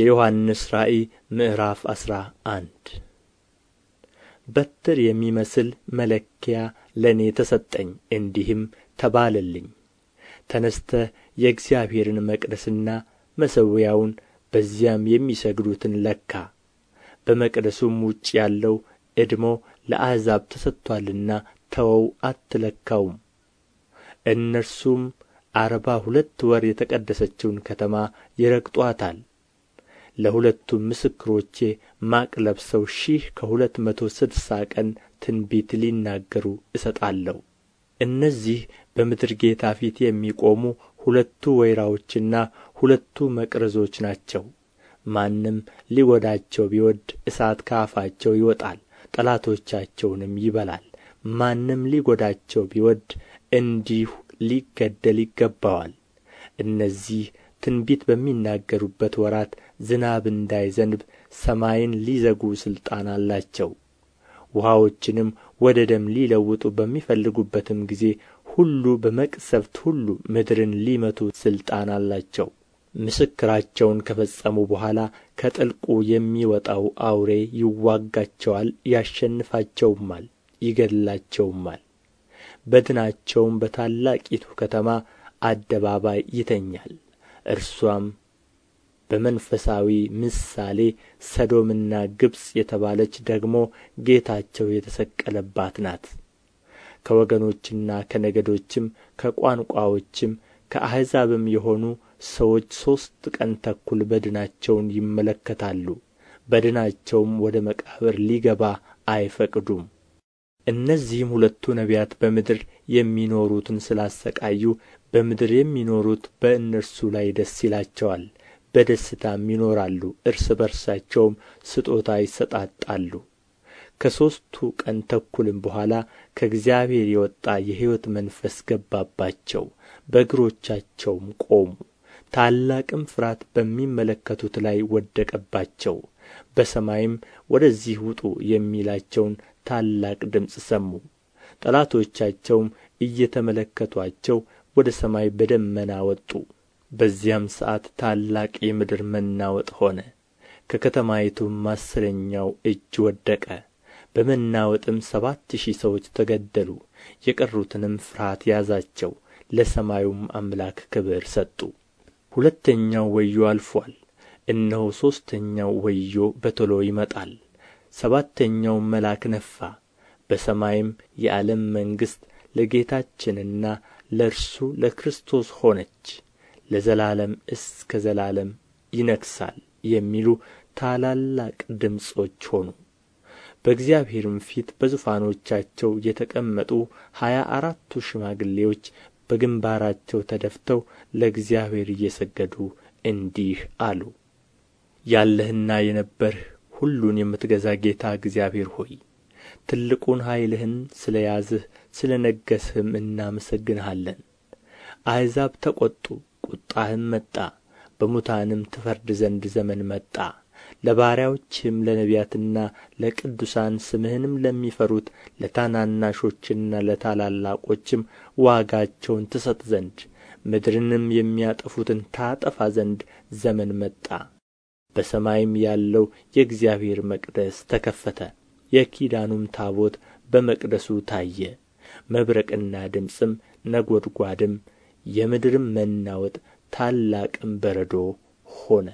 የዮሐንስ ራእይ ምዕራፍ አስራ አንድ በትር የሚመስል መለኪያ ለእኔ ተሰጠኝ እንዲህም ተባለልኝ ተነስተ የእግዚአብሔርን መቅደስና መሠዊያውን በዚያም የሚሰግዱትን ለካ በመቅደሱም ውጭ ያለው እድሞ ለአሕዛብ ተሰጥቶአልና ተወው አትለካውም እነርሱም አርባ ሁለት ወር የተቀደሰችውን ከተማ ይረግጧታል። ለሁለቱም ምስክሮቼ ማቅ ለብሰው ሺህ ከሁለት መቶ ስድሳ ቀን ትንቢት ሊናገሩ እሰጣለሁ እነዚህ በምድር ጌታ ፊት የሚቆሙ ሁለቱ ወይራዎችና ሁለቱ መቅረዞች ናቸው ማንም ሊጐዳቸው ቢወድ እሳት ከአፋቸው ይወጣል ጠላቶቻቸውንም ይበላል ማንም ሊጐዳቸው ቢወድ እንዲሁ ሊገደል ይገባዋል እነዚህ ትንቢት በሚናገሩበት ወራት ዝናብ እንዳይዘንብ ሰማይን ሊዘጉ ሥልጣን አላቸው ውኃዎችንም ወደ ደም ሊለውጡ በሚፈልጉበትም ጊዜ ሁሉ በመቅሰፍት ሁሉ ምድርን ሊመቱ ሥልጣን አላቸው ምስክራቸውን ከፈጸሙ በኋላ ከጥልቁ የሚወጣው አውሬ ይዋጋቸዋል፣ ያሸንፋቸውማል፣ ይገድላቸውማል። በድናቸውም በታላቂቱ ከተማ አደባባይ ይተኛል። እርስዋም በመንፈሳዊ ምሳሌ ሰዶምና ግብጽ የተባለች ደግሞ ጌታቸው የተሰቀለባት ናት ከወገኖችና ከነገዶችም ከቋንቋዎችም ከአሕዛብም የሆኑ ሰዎች ሦስት ቀን ተኩል በድናቸውን ይመለከታሉ በድናቸውም ወደ መቃብር ሊገባ አይፈቅዱም እነዚህም ሁለቱ ነቢያት በምድር የሚኖሩትን ስላሰቃዩ በምድር የሚኖሩት በእነርሱ ላይ ደስ ይላቸዋል በደስታም ይኖራሉ እርስ በርሳቸውም ስጦታ ይሰጣጣሉ ከሦስቱ ቀን ተኩልም በኋላ ከእግዚአብሔር የወጣ የሕይወት መንፈስ ገባባቸው በእግሮቻቸውም ቆሙ ታላቅም ፍርሃት በሚመለከቱት ላይ ወደቀባቸው በሰማይም ወደዚህ ውጡ የሚላቸውን ታላቅ ድምፅ ሰሙ ጠላቶቻቸውም እየተመለከቷቸው ወደ ሰማይ በደመና ወጡ በዚያም ሰዓት ታላቅ የምድር መናወጥ ሆነ ከከተማይቱም አስረኛው እጅ ወደቀ በመናወጥም ሰባት ሺህ ሰዎች ተገደሉ የቀሩትንም ፍርሃት ያዛቸው ለሰማዩም አምላክ ክብር ሰጡ ሁለተኛው ወዮ አልፎአል እነሆ ሦስተኛው ወዮ በቶሎ ይመጣል ሰባተኛውም መልአክ ነፋ በሰማይም የዓለም መንግሥት ለጌታችንና ለእርሱ ለክርስቶስ ሆነች ለዘላለም እስከ ዘላለም ይነግሣል የሚሉ ታላላቅ ድምፆች ሆኑ በእግዚአብሔርም ፊት በዙፋኖቻቸው የተቀመጡ ሀያ አራቱ ሽማግሌዎች በግንባራቸው ተደፍተው ለእግዚአብሔር እየሰገዱ እንዲህ አሉ ያለህና የነበርህ ሁሉን የምትገዛ ጌታ እግዚአብሔር ሆይ ትልቁን ኃይልህን ስለ ያዝህ ስለ ነገሥህም እናመሰግንሃለን። አሕዛብ ተቈጡ፣ ቍጣህም መጣ፣ በሙታንም ትፈርድ ዘንድ ዘመን መጣ። ለባሪያዎችህም ለነቢያትና ለቅዱሳን ስምህንም ለሚፈሩት ለታናናሾችና ለታላላቆችም ዋጋቸውን ትሰጥ ዘንድ ምድርንም የሚያጠፉትን ታጠፋ ዘንድ ዘመን መጣ በሰማይም ያለው የእግዚአብሔር መቅደስ ተከፈተ የኪዳኑም ታቦት በመቅደሱ ታየ መብረቅና ድምፅም ነጎድጓድም የምድርም መናወጥ ታላቅም በረዶ ሆነ